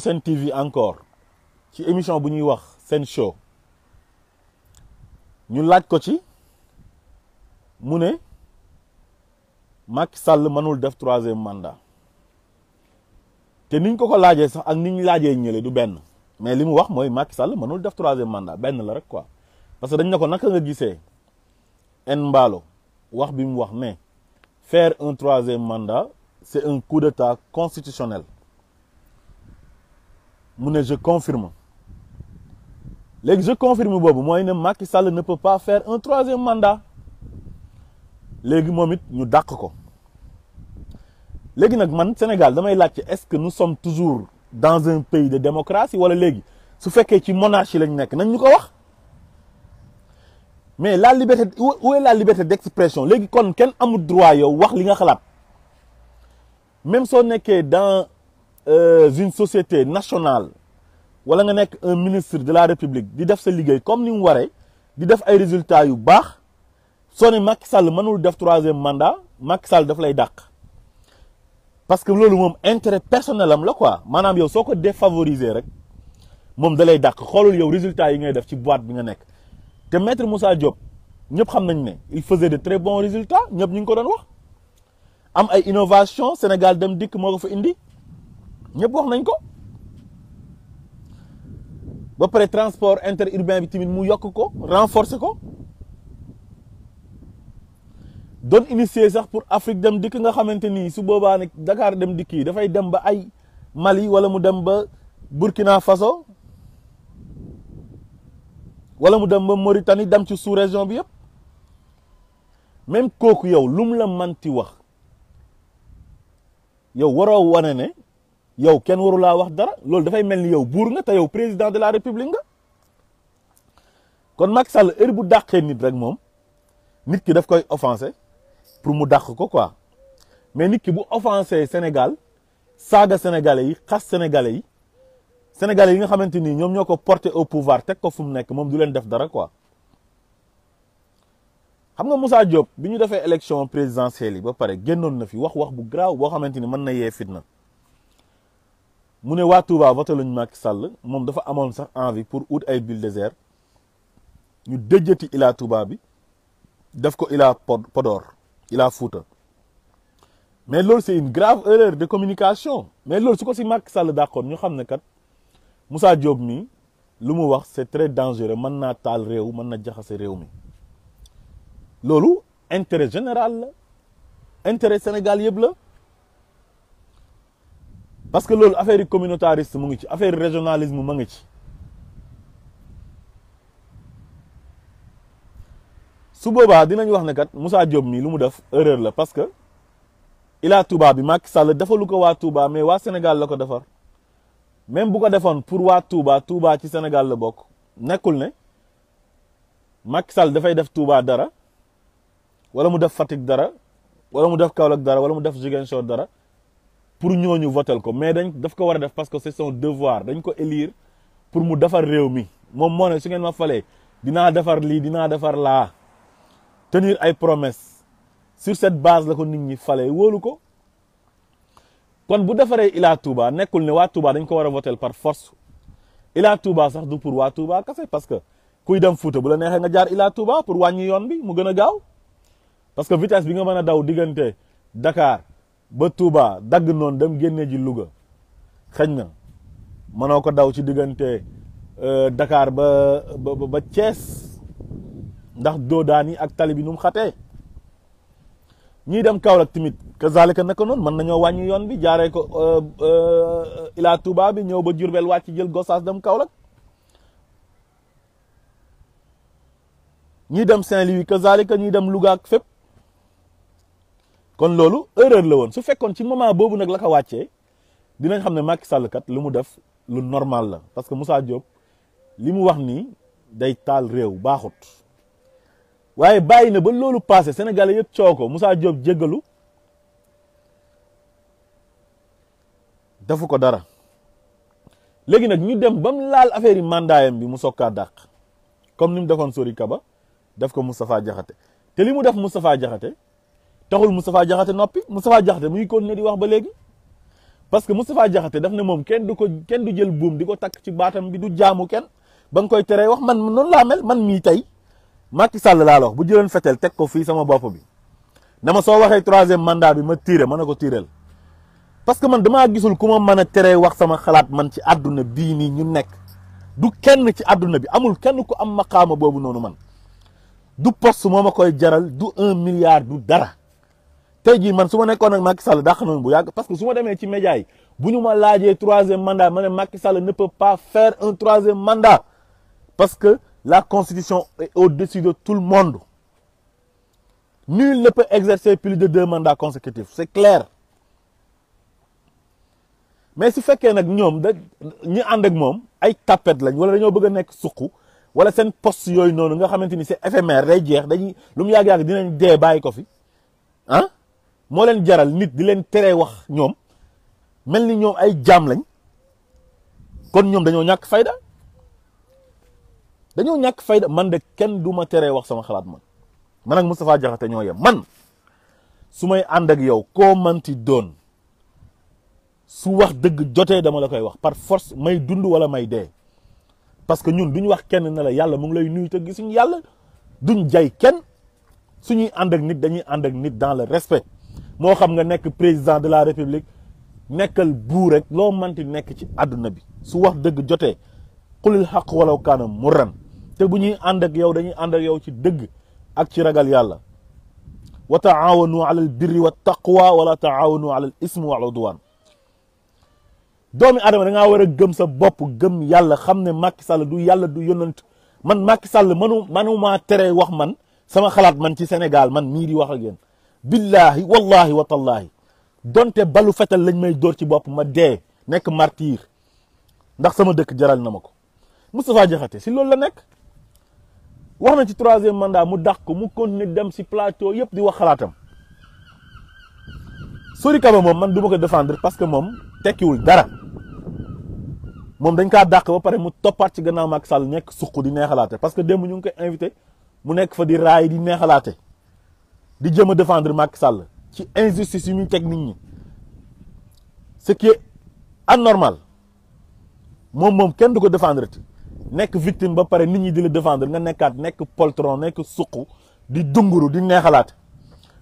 seen TV encore ci émission bu ñuy wax seen show ñu laaj ko ci mu ne Macky Sall mënul def troisième mandat te niñ ko ko laajee sax ak niñ laajee ñële du benn mais li mu wax mooy Macky Sall mënul def troisième mandat benn la rek quoi parce que dañ ne ko naka nga gisee en mbaalo wax bi mu wax ne faire un troisième mandat c'est un coup d'état constitutionnel mu ne je confirme léegi je confirme boobu mooy ne Macky Sall ne peut pas faire un troisième mandat léegi moom it ñu dàq ko léegi nag man Sénégal damay laajte est-ce que nous toujours dans un pays de démocratie wala léegi su fekkee ci monarchie lañ nekk nañ ñu ko wax mais la liberté où est la liberté d'expression léegi kon kenn amul droit yow wax li nga xalaat même soo nekkee dans. Euh, une société nationale wala nga nekk un ministre de la république di def sa liggéey comme ni mu waree di def ay résultat yu baax soo ne Macky Sall manul def troisième mandat Macky Sall daf lay dàq parce que loolu moom intérêt personnel am la quoi maanaam yow soo ko défavoriser rek moom da lay dàq xoolul yow résultats yi ngay def ci boîte bi nga nekk te mettre Moussa Diop ñëpp xam nañ ne il faisait de très bon résultats ñëpp ñu ngi ko doon wax am ay innovation Sénégal dem dikk moo ko fa indi ñëpp wax nañ ko ba pare transport interurbain bi tamit mu yokk ko renforcer ko doon initier sax pour Afrique dem dikk nga xamante ni su boobaa nag dakaar dem dikk yi dafay dem ba ay Mali wala mu dem ba Burkina Faso wala mu dem ba Mauritanie dem ci sous-région bi yëpp même kooku yow lu mu la manti wax yow waroo wane ne. yow kenn waru laa wax dara loolu dafay mel ni yow buur nga te yow président de la république nga kon Macky Sall heure bu dàqee nit rek moom nit ki daf koy offensé pour mu dàq ko quoi mais nit ki bu offensé Sénégal saaga sénégalais yi xas sénégalais yi sénégalais yi nga xamante ni ñoom ñoo ko porté au pouvoir teg ko fu mu nekk moom du leen def dara quoi xam nga Moussa Diop bi ñu defee élection présidentielle yi ba pare génnoon na fi wax wax bu graaw boo xamante ni mën na yee fitna. mu ne waa Touba voté lañu Macky Sall moom dafa amoon sax envie pour ut ay bulldozer ñu dëjjati Ila Touba bi def ko Ila Podor Ila Fouta mais loolu c'est une grave erreur de communication mais loolu su ko si Macky Sall d'accord ñu xam ne kat Moussa Diop mi lu mu wax c'est très dangereux mën naa taal réew man na jaxase réew mi loolu intérêt général la intérêt Sénégal yëpp la. parce que loolu affaire yi communautariste mu ngi ci affaire régionalisme mu ngi ci su boobaa dinañ wax ne kat Moussa Diop mii lu mu def erreur la parce que Ila Touba bi Macky Sall defalu ko waa Touba mais waa Sénégal la ko defar même bu ko defoon pour waa Touba Touba ci Sénégal la bokk nekkul ne Macky Sall dafay def Touba dara wala mu def Fatick dara wala mu def Kaolack dara wala mu def Ziguinchor dara. pour ñooñu votel ko mais dañ daf ko war a def parce que c'est son devoir dañ ko élire pour mu defar réew mi moom moo a su ngeen ma falee dinaa defar lii dinaa defar laa tenir ay promesses sur base la ko nit ñi falee woolu ko kon bu defaree Ila Touba nekkul ne waa Touba dañ ko war a votel par force Ila Touba sax du pour waa Touba kese parce que kuy dem Fuuta bu la neexee nga jaar Ila Touba pour wàññi yoon bi mu gën a gaaw parce que vitesse bi nga mën a daw diggante Dakar ba Touba dagg noon dem génne ji Louga xëñ na mënoo ko daw ci diggante euh, dakaar ba ba ba Thiès ndax doodaan yi ak tali bi nu xate xatee ñii dem Kaolack tamit kazalika naka noonu mën nañoo wàññi yoon bi jaaree ko euh, euh, ilaa Touba bi ñëw ba Diourbel wàcc jël Gossas dem Kaolack ñii dem Saint-Louis kazalika ñii dem Louga ak fépp. kon loolu erreur la woon su fekkoon ci moment boobu nag la ko wàccee dinañ xam ne Macky Sall kat lu mu def lu normal la parce que Moussa Diop li mu wax nii day taal réew baaxut waaye bàyyi na ba loolu passé Sénégalais yëpp coow ko Moussa Diop jéggalu defu ko dara léegi nag ñu dem ba mu laal affaire yi mandaayam bi mu soog kaa dàq comme ni mu defoon Sori Kaba def ko Moustapha Diakhaté te li mu def Moustapha Diakhaté taxul Moustapha Diakhaté noppi Moustapha Diakhaté mu ngi ne di wax ba léegi parce que Moustapha Diakhaté daf na moom kenn du ko kenn du jël buum di takk ci baatam bi du jaamu kenn ba nga koy teree wax man noonu laa mel man mii tey Macky Sall laa bu jëloon fetel teg ko fii sama bopp bi na soo waxee troisième mandat bi ma tiire ma ne ko tiireel parce que man damaa gisul ku ma mën a teree wax sama xalaat man ci àdduna bii nii ñu nekk du kenn ci àdduna bi amul kenn ku am maqaama boobu noonu man du poste moo ma koy jaral du un milliard du dara tey jii man su ma nekkoon ak Macky Sall dàq nañu bu yàgg parce que su ma demee ci média bu ñu ma laajee troisième mandat ma ne Macky Sall ne peut pas faire un troisième mandat parce que la constitution est au-dessus tout le monde nul ne peut exercer plus de deux mandats consécutifs c'est clair mais su fekkee nag ñoom da ñi ànd ak moom ay tapet lañ wala dañoo bëgg a nekk suqu wala seen poste yooyu noonu nga xamante ni c'est éphémère day jeex dañuy lu mu yàgg-yàgg dinañ dee bàyyi ko fi ah? moo leen jaral nit di leen tere wax ñoom mel ni ñoom ay jaam lañ kon ñoom dañoo ñàkk fayda dañoo ñàkk fayda man de kenn du ma teree wax sama xalaat man man ak Moustapha Diakhaté ñoo yem man su may àndak ak yow koo manti doon su wax dëgg jotee dama la koy wax par force may dund wala may dee parce que ñun duñ wax kenn ne la yàlla mu ngi lay nuyu te gisuñu yàlla duñ jay kenn suñuy ànd ak nit dañuy ànd ak nit dans le respect moo xam nga nekk président de la république nekkal buur rek loo manti nekk ci àdduna bi su wax dëgg jotee xulil xaq walaw kaana murran te bu ñuy ànd ak yow dañuy ànd ak yow ci dëgg ak ci ragal yàlla wa taawanu ala birri wa taqwa wala taawanu ala al ismi wal doomi adama danga ngaa war a gëm sa bopp gëm yàlla xam ne Macky Sall du yàlla du yonant man Macky Sall manu manu ma tere wax man sama xalaat man ci Sénégal man mii di wax ak yéen billaahi wallaahi wa tallaahi donte balu fetal lañ may dóor ci bopp ma dee nekk martyr ndax sama dëkk jaral na ma ko Moustapha Diakhaté si loolu la nekk wax na ci troisième mandat mu dàq ko mu continuer dem si plateau yëpp di wax xalaatam Sori Kaba moom man du ma ko défendre parce que moom tekkiwul dara moom dañ kaa dàq ba pare mu toppaat ci gannaaw Macky Sall nekk suq di neexalaate parce que démb ñu ngi koy invité mu nekk fa di raay di neexalaate di jëm a défendre Macky Sall ci injustice yu ñu teg nit ñi ce qui est anormal moom moom kenn du ko défendre ti nekk victime ba pare nit ñi di la défendre nga nekkaat nekk poltron nekk suq di dunguru di neexalaat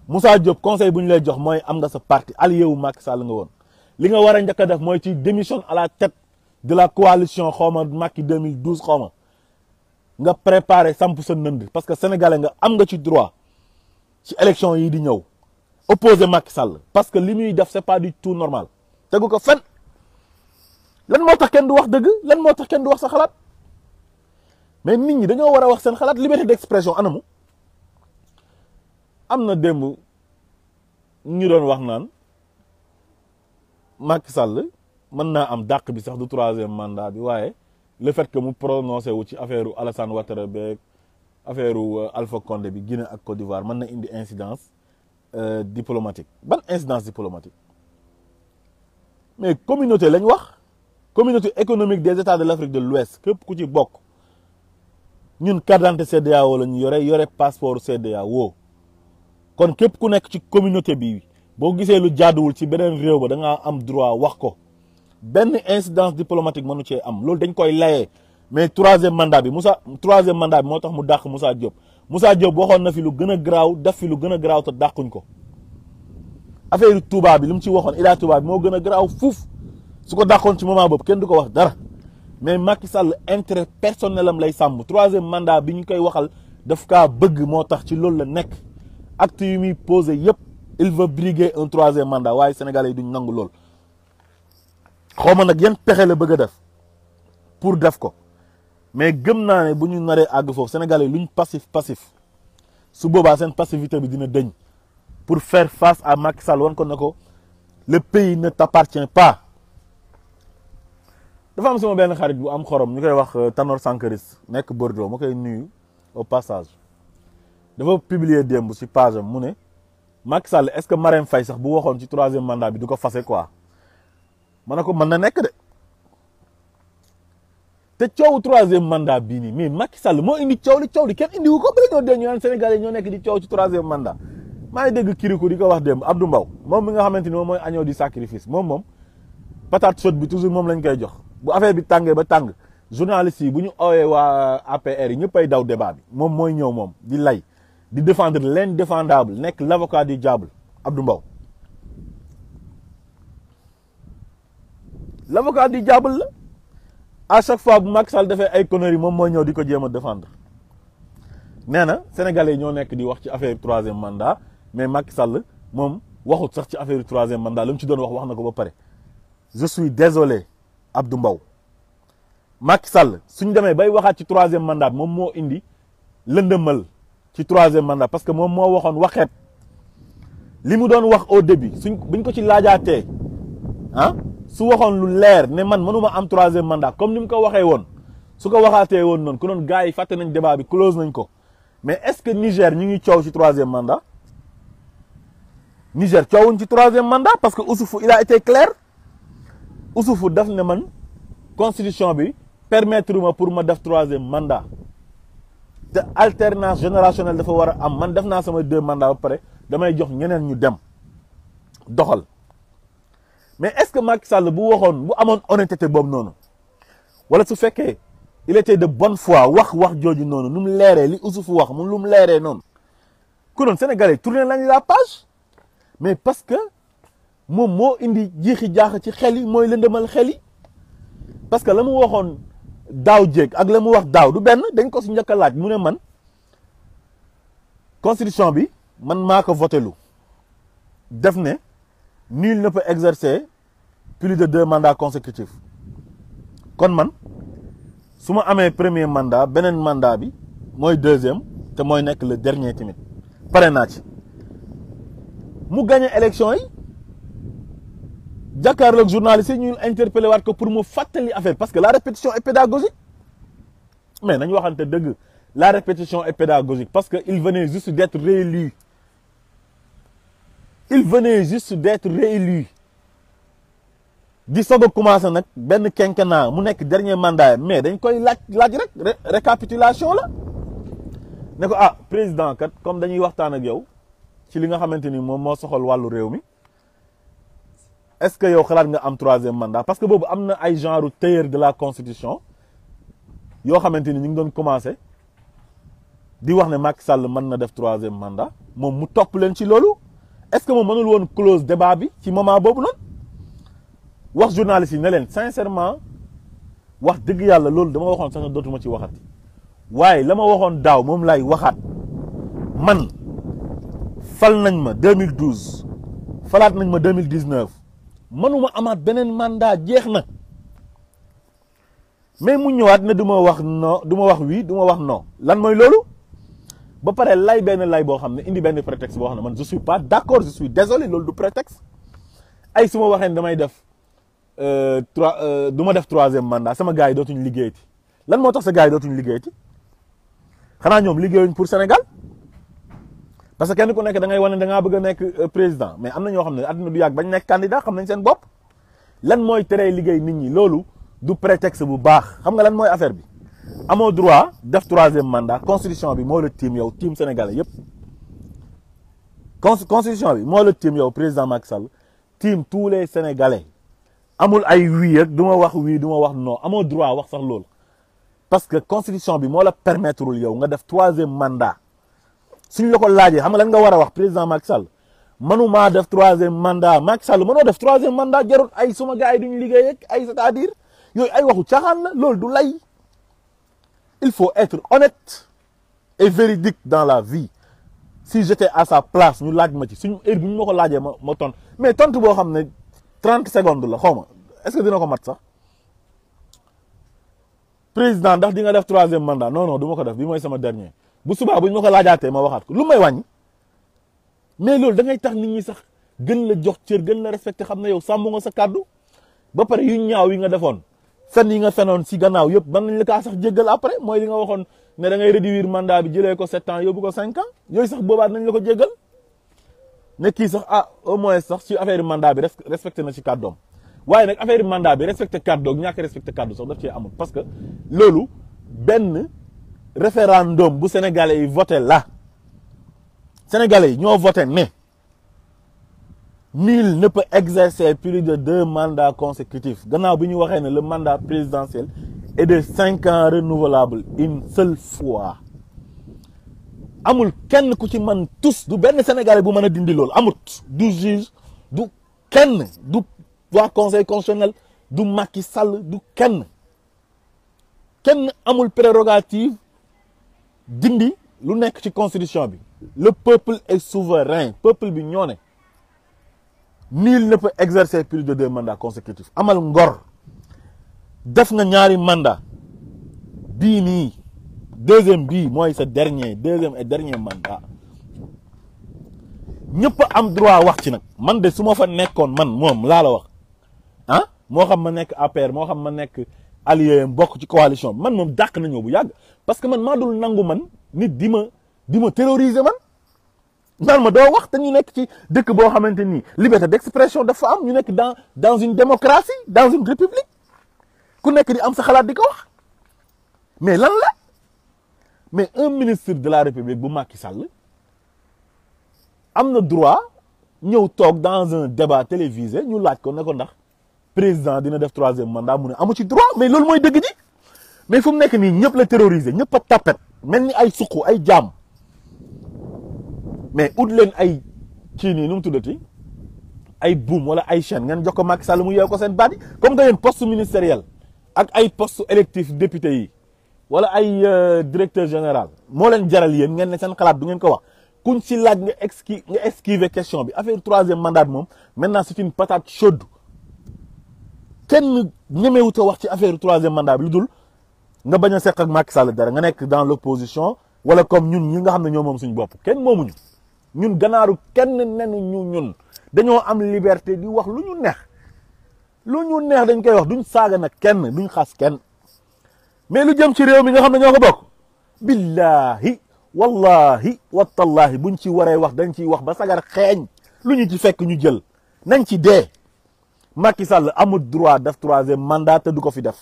Moussa Diop conseil bu ñu lay jox mooy am nga sa parti allié wu Macky Sall nga woon li nga war a njëkk def mooy ci démission à la tête de la coalition xaw ma Macky 2012 xaw ma nga préparé samp sa nënd parce que sénégalais nga am nga ci droit ci élection yi di ñëw opposé Macky Sall parce que li muy def c'est pas du tout normal tegu ko fen lan moo tax kenn du wax dëgg lan moo tax kenn du wax sa xalaat mais nit ñi dañoo war a wax seen xalaat liberté d'expression anamu am na démb ñu doon wax naan Macky Sall mën naa am dàq bi sax du troisième mandat bi waaye le fait que mu prononcé wu ci affaire Alassane Ouattara beeg affaire euh, Alpha Condé bi Guinée ak Côte d'Ivoire mën na indi incidence euh, diplomatique ban incidence diplomatique mais communauté lañ wax communauté économique des états de l' Afrique de l'Ouest képp ku ci bokk ñun carte d'identité CEDEAO la ñu yore yore passeport CEDEAO kon képp ku nekk ci communauté bi boo gisee lu jaaduwul ci beneen réew ba da ngaa am droit wax ko benn incidence diplomatique mënu cee am loolu dañ koy layee mais troisième mandat bi Moussa troisième mandat bi moo tax mu dàq Moussa Diop musa Diop waxoon na fi lu gën a garaaw def fi lu gën a garaaw te dàquñ ko affaire Touba bi li mu ci waxoon Ila Touba bi moo gën a garaaw fuuf su ko dàqoon ci moment boobu kenn du ko wax dara mais Macky Sall intérêt personnel am lay sàmm troisième mandat bi ñu koy waxal daf kaa bëgg moo tax ci loolu la nekk acte yu muy posé yëpp il veut briguer un troisième mandat waaye sénégalais yi duñ nangu lool xaw ma nag yan pexe la bëgg a def pour def ko. mais gëm naa ne bu ñu naree àgg foofu sénégalais luñ passif passif su boobaa seen passivité bi dina deñ pour faire face à Macky Sall wan ko ne ko le pays ne t'appartient pa dafa am sama benn xarit bu am xorom ñu koy wax euh, Tanor Sankaris nekk Bordeaux ma koy nuyu au passage dafa publier démb ci page am mu ne Macky Sall est-ce que Marème Faye sax bu waxoon ci troisième mandat bi du ko fase quoi ma ne ko mën na nekk de. te coow troisième mandat bii nii mais Macky Sall moo indi coow li coow li kenn indi ko ba ñoo dee ñu naan Sénégalais ñoo nekk di coow ci troisième mandat maa ngi dégg kiriku di ko wax démb Abdou Mbow moom mi nga xamante ni moom mooy agneau du sacrifice moom moom patate chaude bi toujours moom lañ koy jox bu affaire bi tàngee ba tàng journalistes yi bu ñu oowee waa APR yi ñëppay daw débat bi moom mooy ñëw moom di lay di defendre défendre l'indéfendable nekk l'avocat du diable Abdou Mbow l'avocat du diable à chaque fois bu Macky Sall defee ay conneries moom mooy ñëw di ko jéem a défendre nee na sénégalais ñoo nekk di wax ci affaire troisième mandat mais Macky Sall moom waxut sax ci affaire troisième mandat li mu ci doon wax wax na ko ba pare. je suis désolé Abdou mbaw Macky Sall suñ demee bay waxaat ci troisième mandat moom moo indi lëndëmal ci troisième mandat parce que moom moo waxoon waxeet li mu doon wax au début suñ buñ ko ci laajaatee ah. su waxoon lu leer ne man mënuma am troisième mandat comme ni mu ko waxee woon su ko waxaatee woon noon ku noon gars yi fàtte nañ débat bi close nañ ko mais est-ce que Niger ñu ngi coow ci troisième mandat Niger coowuñ ci troisième mandat parce que Oussouffou il a été clair Oussouffou daf ne man constitution bi permettre ma pour ma def troisième mandat te alternance générationnelle dafa war a am man def naa sama deux mandats ba pare damay jox ñeneen ñu dem doxal. mais est-ce que Macky Sall bu waxoon bu amoon honnêteté boobu noonu wala su fekkee il était de bonne foi wax wax jooju noonu nu mu leeree li Oussouf wax mu lu mu leeree noonu konoon sénégalais tourné lañu la page mais parce que moom moo indi jiixi jaax ci xel yi mooy lëndëmal xel yi parce que la mu waxoon daaw jéeg ak la mu wax daaw du benn dañ ko si njëkk a laaj mu ne man constitution bi man maa ko voté lu def ne nul ne peut exercer plus de deux mandats consécutifs kon man su ma amee premier mandat beneen mandat bi mooy deuxième te mooy nekk le dernier tamit pare naa ci mu gagné élection yi jàkkaarloog journaliste yi ñu interpellé waat ko pour mu fàttali affaire parce que la répétition est pédagogique mais nañu waxante dëgg la répétition et pédagogique parce que il venait juste d'être réélu il venait juste d'être réélu di soog a commencé nag benn quinquennat mu nekk dernier mandat mais dañ koy laaj laaj rek récapitulation la ne ko ah président kat comme dañuy waxtaan ak yow ci li nga xamante ni moom moo soxal wàllu réew mi est-ce que yow xalaat nga am troisième mandat parce que boobu am na ay genre tailleur de la constitution yoo xamante ni ñu ngi doon commencé di wax ne Macky Sall mën na def troisième mandat moom mu topp leen ci loolu. est-ce que moom mënul woon close débat bi ci moment boobu noonu wax journaliste yi ne leen sincèrement wax dëgg yàlla loolu dama waxoon sax na dootuma ci waxati waaye la ma waxoon daaw moom laay waxaat man fal nañ ma 2012 falaat nañ ma 2019 mënuma amaat beneen mandat jeex na mais mu ñëwaat ne du ma wax non du ma wax wii du ma wax non lan mooy loolu ba pare lay benn lay boo xam ne indi benn prétexte boo xam ne man je suis pas d'accord je suis désolé loolu du prétexte ay su ma waxee ne damay def euh, trois euh, du ma def troisième mandat sama gars yi dootuñu liggéeyati lan moo tax sa gars yi dootuñu liggéeyati xanaa ñoom liggéeyuñ pour Sénégal parce que kenn ku nekk dangay ngay wane da ngaa a nekk euh, président mais am na ñoo xam ne àdduna du yàgg bañ nekk candidat xam nañ seen bopp lan mooy teree liggéey nit ñi loolu du prétexte bu baax xam nga lan mooy affaire bi. amoo droit def troisième mandat constitution bi moo la tiim yow tiim sénégalais yëpp constitution bi moo la tiim yow président Macky Sall tiim tous les sénégalais amul ay wii ak du ma wax wii du ma wax non amoo droit wax sax lool parce que constitution bi moo la permettre permettrewul yow nga def troisième mandat suñu la ko laajee xam nga lan nga war a wax président Macky Sall ma def troisième mandat Macky Sall mënoo def troisième mandat jarul ay suma gars yi duñu ay c'est-à-dire yooyu ay waxu caaxaan la loolu du lay il faut être honnête et véridique dans la vie si j'étais à sa place ñu laaj ma ci suñu heure bu ñu ma ko laajee ma ma tontu mais tontu boo xam ne trent trente secondes la xaw ma est que dina ko mat sax président ndax di nga def troisième mandat non non du ma ko def bi mooy sama dernier bu subaa bu ñu ma ko laajaatee ma waxaat ko lu may wàññi mais loolu da ngay tax nit ñi sax gën la jox cër gën la respecté xam na yow sàmm nga sa kàddu ba pare yu ñaaw yi nga defoon. fen yi nga fenoon si gannaaw yëpp mën nañ la kaa sax jéggal après mooy li nga waxoon ne da ngay réduire mandat bi jëlee ko sept ans yóbbu ko cinq ans yooyu sax boobaat nañ la ko jéggal ne kii sax ah au moins sax si affaire mandat bi respecté na ci kàddoom waaye nag affaire mandat bi respecté kàddoog ñàkk respecté kàddu sax daf cee amul parce que loolu benn référendum bu sénégalais yi la sénégalais yi ñoo vote ne nul ne peut exercer plus de deux mandats consécutifs gannaaw bi ñu waxee ne le mandat présidentiel est de cinq ans renouvelable une seule fois amul kenn ku ci man tous du benn sénégalais bu mën a dindi loolu amut du juge du kenn du waa conseil constitutionnel du Macky Sall du kenn kenn amul prérogative dindi lu nekk ci constitution bi le peuple est souverain peuple bi ñoo ne nul ne peut exercer de deux mandats consécutifs amal ngor def nga ñaari mandat bii nii deuxième bii mooy sa dernier deuxième et dernier mandat ñëpp am droit wax ci nag man de su ma fa nekkoon man moom laa la wax ah moo xam ma nekk APR moo xam ma nekk allié mbokk ci coalition man moom dàq nañoo bu yàgg parce que man maa dul nangu man nit di ma di ma terroriser man nan ma doo wax te ñu nekk ci dëkk boo xamante ni liberté d'expression dafa am ñu nekk dans dans une démocratie dans une république ku nekk di am sa xalaat di ko wax mais lan la mais un ministre de la république bu Macky Sall am na droit ñëw toog dans un débat télévisé ñu laaj ko ne ndax président dina def troisième mandat mu ne amu ci droit mais loolu mooy dëgg ji mais fu nekk nii ñëpp la terroriser ñëpp a tapet mel ni ay suqu ay jaam. mais ut leen ay kii nii nu mu tuddati ay buum wala ay chaîne ngeen jox ko Macky Sall mu yeew ko seen baat yi comme que yéen poste ministériel ak ay post électif député yi wala ay euh, directeur général moo leen jaral yéen ngeen ne seen xalaat du ngeen ko wax kuñ si laaj nga exqui nga esquiver question bi affaire troisième mandat moom maintenant c'est une patate chaude kenn ñemewut a wax ci affaire troisième mandat bi lu dul nga bañ a seq ak Macky Sall dara nga nekk dans l'opposition wala comme ñun ñi nga xam ne ñoo moom suñu bopp kenn moomuñu ñun ganaaru kenn nenu ñu ñun dañoo am liberté di wax lu ñu neex lu ñu neex dañ koy wax duñ saaga nag kenn duñ xas kenn mais lu jëm ci réew mi nga xam ne ñoo ko bokk billaahi wallahi bu ñu ci waree wax dañ ciy wax ba sagar xeeñ lu ñu ci fekk ñu jël nañ ci dee Macky Sall amul droit def troisième mandat te du ko fi def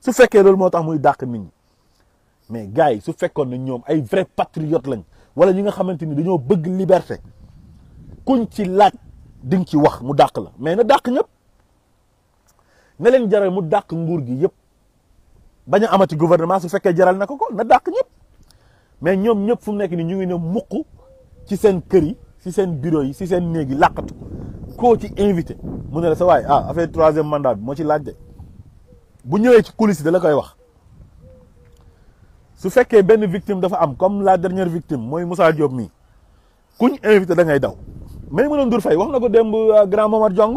su fekkee loolu moo tax muy dàq nit ñi mais gars yi su fekkoon ne ñoom ay vrai patriote lañ wala ñi nga xamante ni dañoo bëgg liberté kuñ ci laaj di nga ci wax mu dàq la mais na dàq ñëpp na leen jaral mu dàq nguur gi yëpp bañ a amati gouvernement su fekkee jaral na ko ko na dàq ñëpp mais ñoom ñëpp fu mu nekk ni ñu ngi ne mukk ci seen kër yi ci seen bureau yi ci seen néeg yi làqatu koo ci invité mu ne la sa waay ah affaire troisième mandat moo ci laaj de bu ñëwee ci coulisse da la koy wax su fekkee benn victime dafa am comme la dernière victime mooy Moussa Diop mii kuñ invité da ngay daw Maimouna Ndour Faye wax na ko démb euh, grand Momar Diong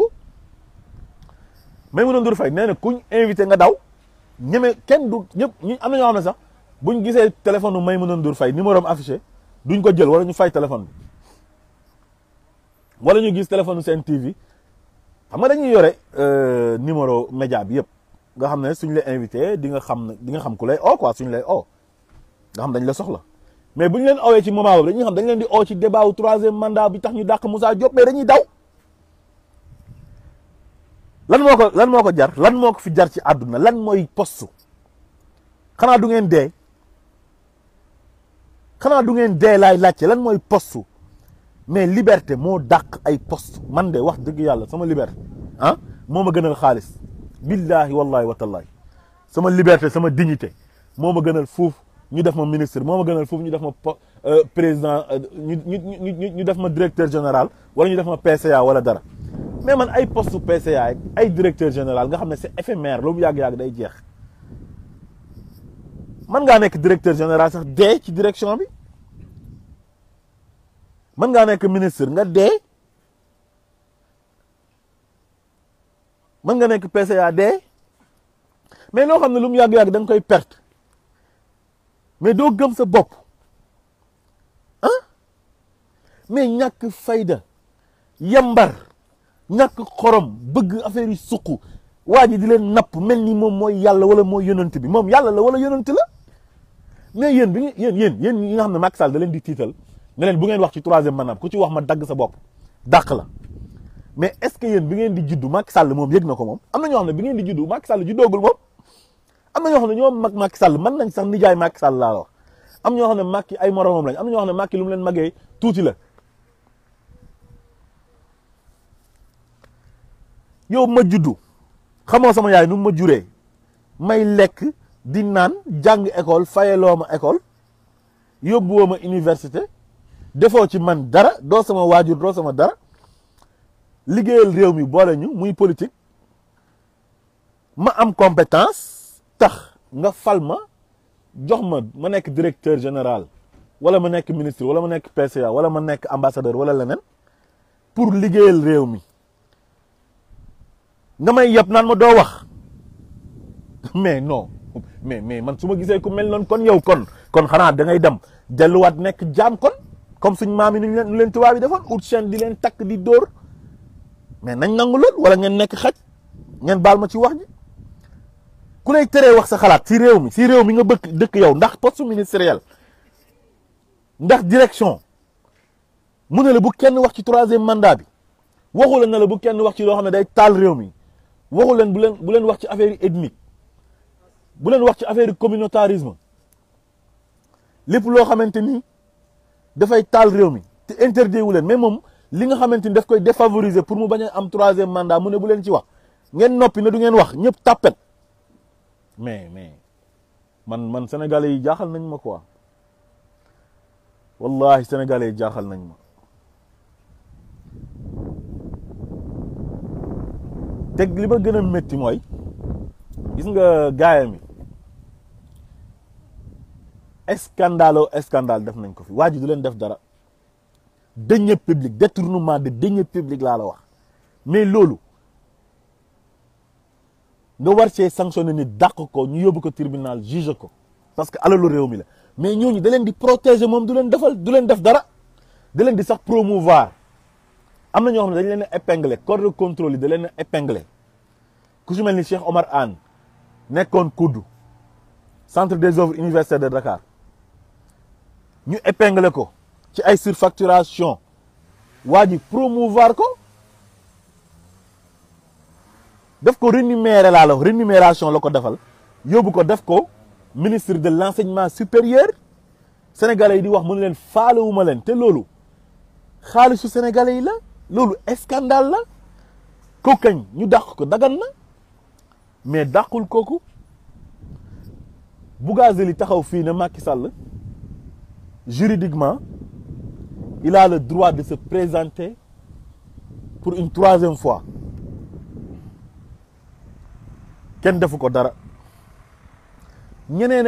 Maimouna Ndour Faye nee na kuñ invité nga daw ñeme kenn du ñëpp ñu am na xam ne sax buñ gisee téléphone u Maimouna Ndour Faye numéro am affiché duñ ko jël wala ñu fay téléphone bi wala ñu gis téléphone seen TV xam nga dañuy yore euh, numéro média bi yëpp nga xam ne suñ lay invité di nga xam di nga xam ku lay oo quoi suñ lay oo nga xam dañ la soxla mais bu ñu leen awee ci moment boobu dañuy xam dañ leen di oo ci débat wu troisième mandat bi tax ñu dàq Moussa Diop mais dañuy daw lan moo ko lan moo ko jar lan moo ko fi jar ci àdduna lan mooy postu xanaa du ngeen dee xanaa du ngeen dee laay laajte lan mooy postu mais liberté moo dàq ay postu man de wax dëgg yàlla sama liberté ah moo ma gënal xaalis billaahi wallaahi wa tallaahi sama liberté sama dignité moo ma gënal fuuf ñu def ma ministre moom ma gënal foofu ñu def ma euh, président euh, ñu ñu ñu def ma directeur général wala ñu def ma PCA wala dara mais man ay poste PCA ay directeur général nga xam ne c'est éphémère lu mu yàgg-yàgg day jeex man ngaa nekk directeur général sax dee ci direction bi mën ngaa nekk ministre nga dee mën nga nekk PCA dee mais loo xam ne lu mu yàgg-yàgg da koy perte mais doo gëm sa bopp ah mais ñàkk fayda yambar ñàkk xorom bëgg affaire yi suq waa ji di leen napp mel ni moom mooy yàlla wala mooy yonent bi moom yàlla la wala yonent la mais yéen bi ngeen yéen yéen yéen ñi nga xam ne Macky Sall da leen di tiital ne leen bu ngeen wax ci troisième mandat ku ci wax ma dagg sa bopp dàq la mais est-ce que yéen bi ngeen di juddu moom yëg na ko moom am na ñoo xam ne bi ngeen di juddu Macky Sall juddoogul moom. am na ñoo xam ne ñoo mag Macky sàll mën nañ sax nijaay Macky Sall laa wax am ñoo xam ne Macky ay moromam lañ am na ñoo xam ne Macky lu mu leen màggee tuuti la yow ma juddu xamoo sama yaay nu ma juree may lekk di naan jàng école fayeloo ma école yóbbuwoo ma université defoo ci man dara doo sama waajur doo sama dara liggéeyal réew mi boole ñu muy politique ma am compétence tax nga fal ma jox ma ma nekk directeur général wala ma nekk ministre wala ma nekk PCA wala ma nekk ambassadeur wala leneen pour liggéeyal réew mi nga may yab naan ma doo wax mais non mais mais man su ma gisee ku mel noon kon yow kon kon xanaa dangay ngay dem delluwaat nekk jaam kon comme suñ maam yi nu leen nu leen tubaab yi defoon ut chaîne di leen takk di dóor mais nañ nangu lool wala ngeen nekk xaj ngeen baal ma ci wax ji ku lay teree wax sa xalaat si réew mi si réew mi nga bëgg dëkk yow ndax poste ministériel ndax direction mu ne la bu kenn wax ci troisième mandat bi waxu na la bu kenn wax ci loo xam ne day taal réew mi waxu leen bu leen bu leen wax ci affaire ethnique bu leen wax ci affaire communautarisme lépp loo xamante ni dafay taal réew mi te interdit wu mais moom li nga xamante ni daf koy défavoriser pour mu bañ a am troisième mandat mu ne bu leen ci wax ngeen noppi du ngeen wax ñëpp tàppet mais mais man man sénégalais yi jaaxal nañ ma quoi wallahi sénégalais yi jaaxal nañ ma teg li ma gën a métti mooy gis nga gaaya mi escandalo escandale def nañ ko fi waa ji du leen def dara deniers publics détournement de deniers publics laa la wax mais loolu nga war cee sanctionné ni dàq ko ñu yóbbu ko tribunal juge ko parce que alalu réew mi la mais ñooñu da leen di protéger moom du leen defal du leen def dara da leen di sax promouvoir am na ñoo xam ne dañ leen a épinglé corps de contrôle yi da leen ku ci mel ni Cheikh Omar Anne nekkoon kuddu centre des œuvres universitaires de Dakar ñu épinglé ko ci ay surfacturation waa ji promouvoir ko. ko rénuméré laa la rémunération la ko defal yóbbu ko def ko ministre de l' enseignement supérieur sénégalais yi di wax mu leen faalewuma leen te loolu xaalisu sénégalais yi la loolu scandale la ko kañ ñu dàq ko dagan na mais dàqul kooku li taxaw fii ne Macky Sall juridiquement il a le droit de se présenté pour une troisième fois kenn defu ko dara ñeneen